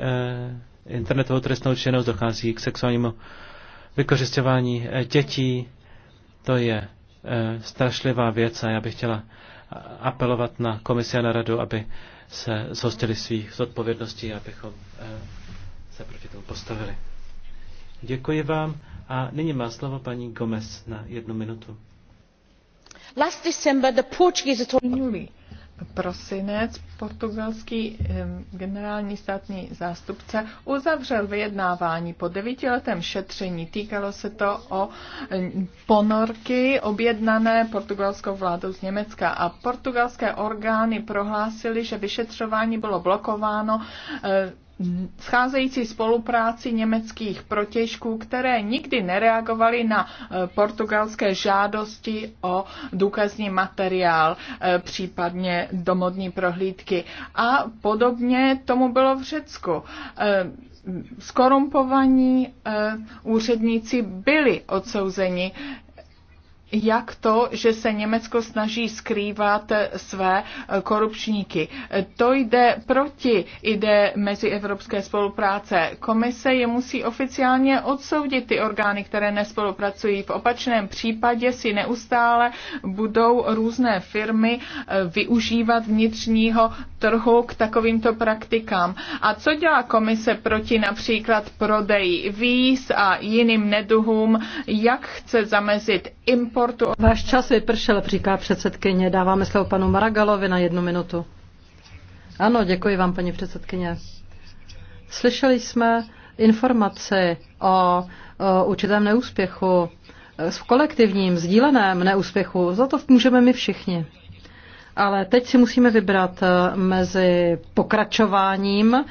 internetovou trestnou činnost, dochází k sexuálnímu vykořišťování dětí. To je strašlivá věc a já bych chtěla apelovat na komisi a na radu, aby se zhostili svých zodpovědností, abychom se proti tomu postavili. Děkuji vám a nyní má slovo paní Gomez na jednu minutu. Last December the Portuguese Minulý prosinec portugalský generální státní zástupce uzavřel vyjednávání po devítiletém šetření. Týkalo se to o ponorky objednané portugalskou vládou z Německa a portugalské orgány prohlásily, že vyšetřování bylo blokováno scházející spolupráci německých protěžků, které nikdy nereagovaly na e, portugalské žádosti o důkazní materiál, e, případně domodní prohlídky. A podobně tomu bylo v Řecku e, skorumpovaní úředníci byli odsouzeni jak to, že se Německo snaží skrývat své eh, korupčníky. To jde proti ide mezi evropské spolupráce. Komise je musí oficiálně odsoudit ty orgány, které nespolupracují. V opačném případě si neustále budou různé firmy eh, využívat vnitřního trhu k takovýmto praktikám. A co dělá komise proti například prodeji víz a jiným neduhům? Jak chce zamezit import sportu. Váš čas vypršel, říká předsedkyně. Dáváme slovo panu Maragalovi na jednu minutu. Ano, děkuji vám, paní předsedkyně. Slyšeli jsme informaci o, o určitém neúspěchu, v kolektivním, sdíleném neúspěchu. Za to můžeme my všichni. Ale teď si musíme vybrat mezi pokračováním eh,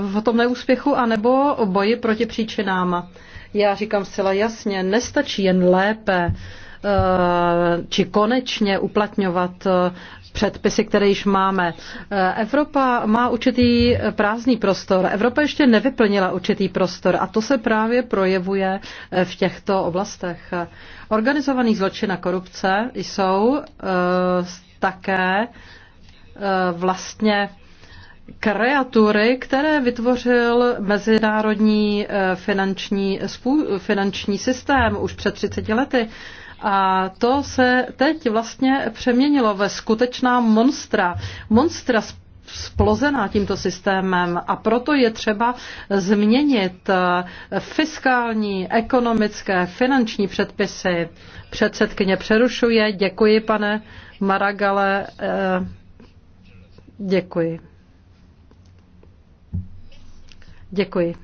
v tom neúspěchu anebo boji proti příčinám. Já říkám zcela jasně, nestačí jen lépe Eh, či konečně uplatňovat eh, předpisy, které již máme. Eh, Evropa má určitý prázdný prostor. Evropa ještě nevyplnila určitý prostor a to se právě projevuje v těchto oblastech. Organizovaný zločin a korupce jsou také vlastně kreatury, které vytvořil mezinárodní finanční, finanční systém už před 30 lety. A to se teď vlastně přeměnilo ve skutečná monstra. Monstra splozená tímto systémem a proto je třeba změnit eh, fiskální, ekonomické, finanční předpisy. Předsedkyně přerušuje. Děkuji, pane Maragale. Eh, děkuji. Děkuji.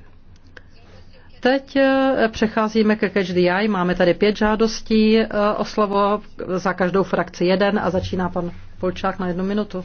Teď eh, přecházíme ke Catch the Eye. Máme tady pět žádostí eh, o slovo, za každou frakci jeden a začíná pan Polčák na jednu minutu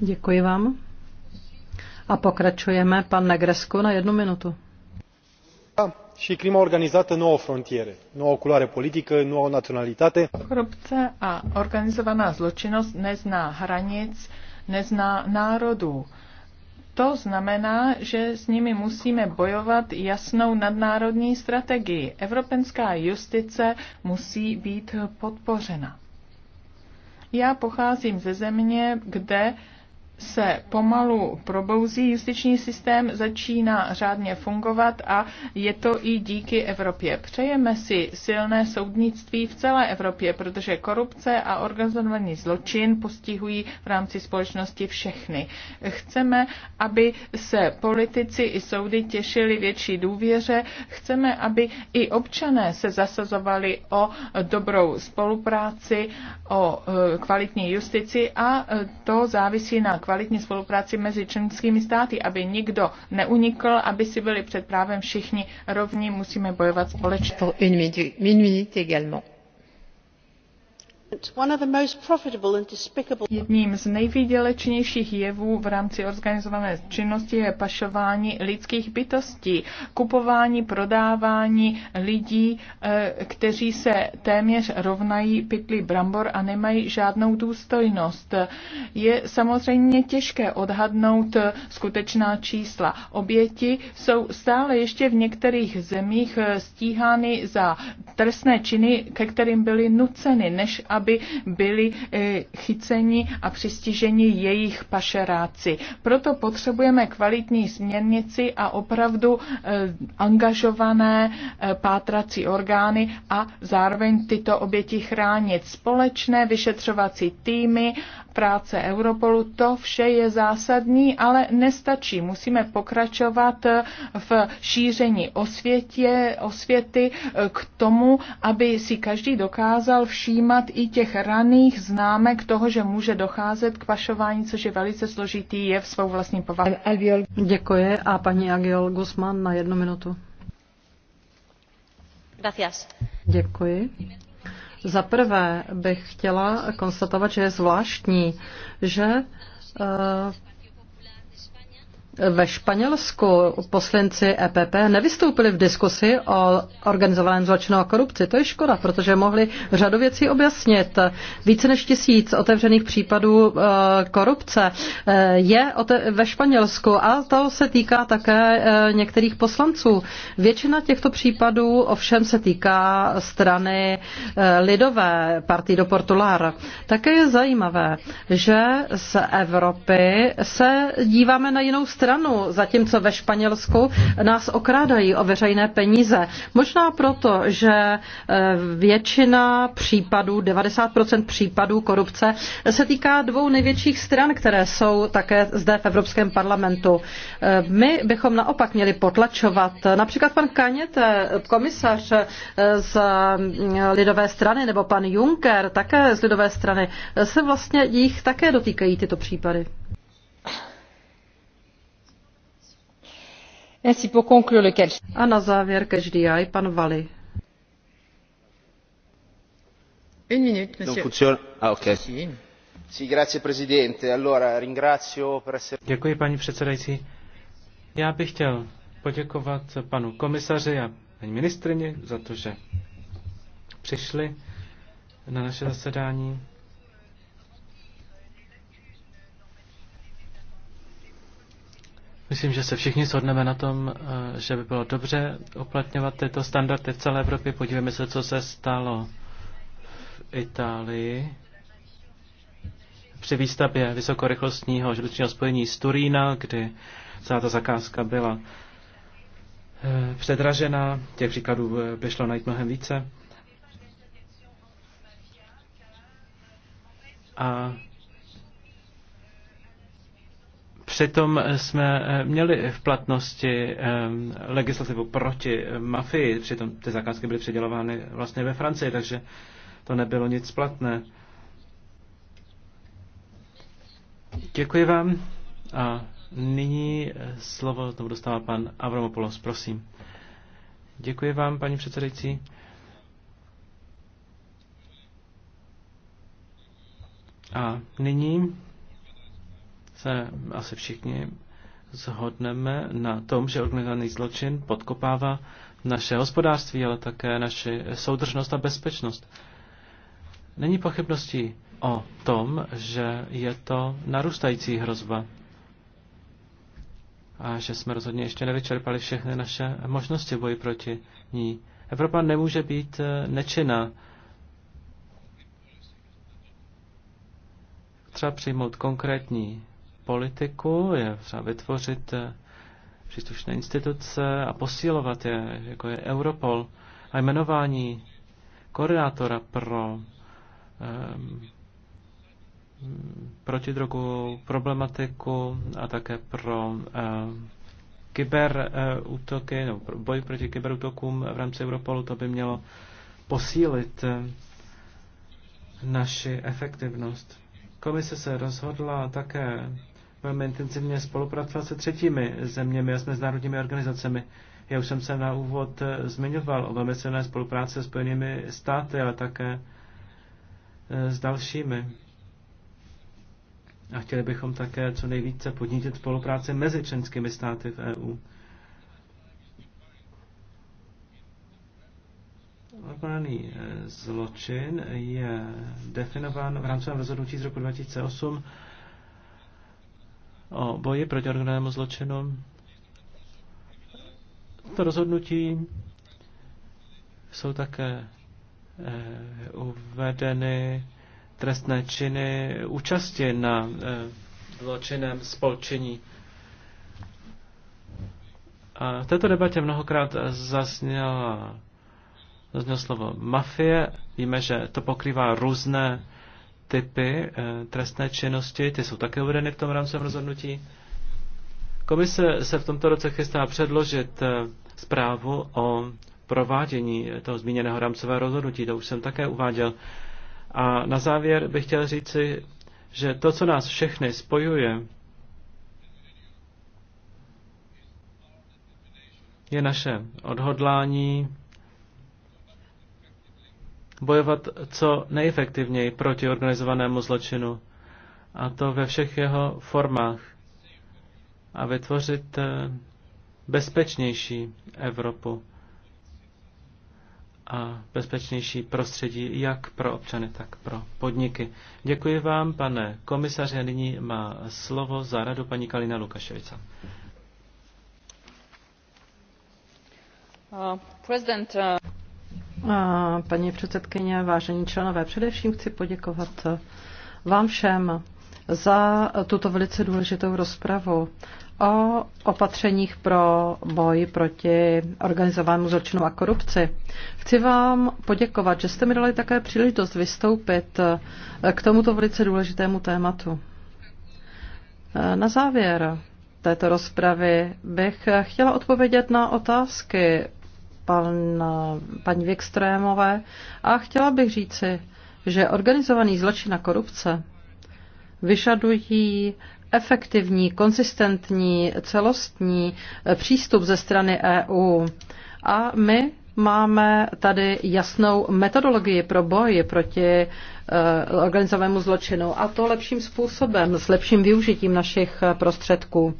Děkuji vám. A pokračujeme, pan Negresko, na jednu minutu. Și crima organizată nu au frontiere, nu au culoare politică, nu au naționalitate. Korupce a organizovaná zločinnost nezná hranic, nezná národů. To znamená, že s nimi musíme bojovat jasnou nadnárodní strategii. Evropská justice musí být podpořena. Já pocházím ze země, kde se pomalu probouzí, justiční systém začíná řádně fungovat a je to i díky Evropě. Přejeme si silné soudnictví v celé Evropě, protože korupce a organizovaný zločin postihují v rámci společnosti všechny. Chceme, aby se politici i soudy těšili větší důvěře, chceme, aby i občané se zasazovali o dobrou spolupráci, o e, kvalitní justici a e, to závisí na kvalitě kvalitní spolupráci mezi členskými státy, aby nikdo neunikl, aby si byli před právem všichni rovní, musíme bojovat společně. une minute, une minute également. Jedním z nejvýdělečnějších jevů v rámci organizované činnosti je pašování lidských bytostí, kupování, prodávání lidí, eh, kteří se téměř rovnají pytli brambor a nemají žádnou důstojnost. Je samozřejmě těžké odhadnout eh, skutečná čísla. Oběti jsou stále ještě v některých zemích eh, stíhány za trestné činy, ke kterým byly nuceny, než aby aby byli e, chyceni a přistiženi jejich pašeráci. Proto potřebujeme kvalitní směrnici a opravdu e, angažované e, pátrací orgány a zároveň tyto oběti chránit. Společné vyšetřovací týmy, práce Europolu, to vše je zásadní, ale nestačí. Musíme pokračovat v šíření osvětě, osvěty k tomu, aby si každý dokázal všímat i těch raných známek toho, že může docházet k pašování, což je velice složitý je v svou vlastní povahu. Děkuji a paní Agil Guzman na jednu minutu. Gracias. Děkuji. Za prvé bych chtěla konstatovat, že je zvláštní, že eh, ve Španělsku poslanci EPP nevystoupili v diskusi o organizovaném zločinu a korupci. To je škoda, protože mohli řadu věcí objasnit. Více než tisíc otevřených případů e, korupce e, je ve Španělsku a to se týká také e, některých poslanců. Většina těchto případů ovšem se týká strany lidové partii do Portulára. Také je zajímavé, že z Evropy se díváme na jinou stranu stranu, zatímco ve Španělsku nás okrádají o veřejné peníze. Možná proto, že e, většina případů, 90% případů korupce se týká dvou největších stran, které jsou také zde v Evropském parlamentu. E, my bychom naopak měli potlačovat. Například pan Kaněte, komisař e, z mm, Lidové strany, nebo pan Juncker, také z Lidové strany, se vlastně jich také dotýkají tyto případy. A na závěr každý já i pan Vali. Děkuji, paní předsedající. Já bych chtěl poděkovat panu komisaři a paní ministrině za to, že přišli na naše zasedání. Myslím, že se všichni shodneme na tom, eh, že by bylo dobře uplatňovat tyto standardy v celé Evropě. Podívejme se, co se stalo v Itálii při výstavbě vysokorychlostního železničního spojení z Turína, kdy celá ta zakázka byla eh, předražena. Těch příkladů eh, by šlo najít mnohem více. A Přitom jsme eh, měli v platnosti ehm, legislativu proti eh, mafii, přitom ty zakázky byly předělovány vlastně ve Francii, takže to nebylo nic platné. Děkuji vám a nyní eh, slovo tomu dostává pan Avramopoulos, prosím. Děkuji vám, paní předsedající. A nyní se asi všichni zhodneme na tom, že organizovaný zločin podkopává naše hospodářství, ale také naši soudržnost a bezpečnost. Není pochybností o tom, že je to narůstající hrozba a že jsme rozhodně ještě nevyčerpali všechny naše možnosti boji proti ní. Evropa nemůže být eh, nečinná. Třeba přijmout konkrétní politiku, je třeba vytvořit eh, příslušné instituce a posílovat je, jako je Europol a jmenování koordinátora pro um, ehm, protidrogovou problematiku a také pro um, ehm, kyberútoky, eh, nebo boj proti kyberútokům v rámci Europolu, to by mělo posílit eh, naši efektivnost. Komise se rozhodla také velmi intenzivně spolupracovat se třetími zeměmi a s mezinárodními organizacemi. Já už jsem se na úvod eh, zmiňoval o velmi silné spolupráci s Spojenými státy, ale také eh, s dalšími. A chtěli bychom také co nejvíce podnítit spolupráci mezi členskými státy v EU. Organizovaný eh, zločin je definován v rámci rozhodnutí z roku 2008 o boji proti organizovanému zločinu. To rozhodnutí jsou také eh, uvedeny trestné činy účasti na eh, zločinném spolčení. A v této debatě mnohokrát zazněla, zaznělo slovo mafie. Víme, že to pokrývá různé typy eh, trestné činnosti, ty jsou také uvedeny v tom rámcem rozhodnutí. Komise se v tomto roce chystá předložit eh, zprávu o provádění toho zmíněného rámcového rozhodnutí, to už jsem také uváděl. A na závěr bych chtěl říci, že to, co nás všechny spojuje, je naše odhodlání bojovat co nejefektivněji proti organizovanému zločinu, a to ve všech jeho formách, a vytvořit eh, bezpečnější Evropu a bezpečnější prostředí jak pro občany, tak pro podniky. Děkuji vám, pane komisaře. Nyní má slovo za radu paní Kalina Lukaševica. Uh, uh Paní předsedkyně, vážení členové, především chci poděkovat vám všem za tuto velice důležitou rozpravu o opatřeních pro boj proti organizovanému zločinu a korupci. Chci vám poděkovat, že jste mi dali také příležitost vystoupit k tomuto velice důležitému tématu. Na závěr této rozpravy bych chtěla odpovědět na otázky pan, paní Vikstrémové a chtěla bych říci, že organizovaný zločin a korupce vyžadují efektivní, konsistentní, celostní eh, přístup ze strany EU. A my máme tady jasnou metodologii pro boj proti eh, organizovanému zločinu a to lepším způsobem, s lepším využitím našich eh, prostředků.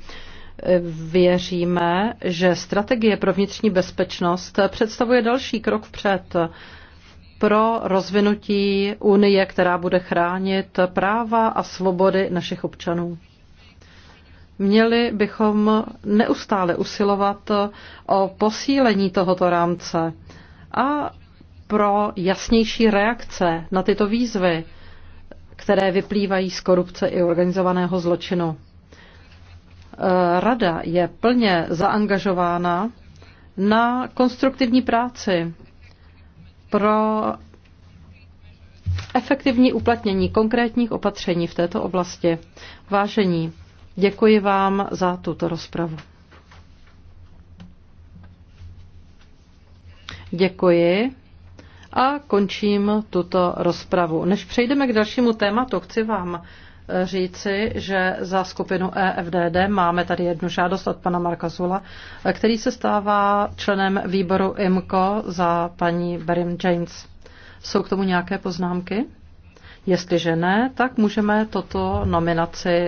Věříme, že strategie pro vnitřní bezpečnost představuje další krok vpřed pro rozvinutí Unie, která bude chránit práva a svobody našich občanů. Měli bychom neustále usilovat o posílení tohoto rámce a pro jasnější reakce na tyto výzvy, které vyplývají z korupce i organizovaného zločinu. Eh, rada je plně zaangažována na konstruktivní práci pro efektivní uplatnění konkrétních opatření v této oblasti. Vážení, děkuji vám za tuto rozpravu. Děkuji a končím tuto rozpravu. Než přejdeme k dalšímu tématu, chci vám říci, že za skupinu EFDD máme tady jednu žádost od pana Marka Zula, který se stává členem výboru IMCO za paní Berim James. Jsou k tomu nějaké poznámky? Jestliže ne, tak můžeme toto nominaci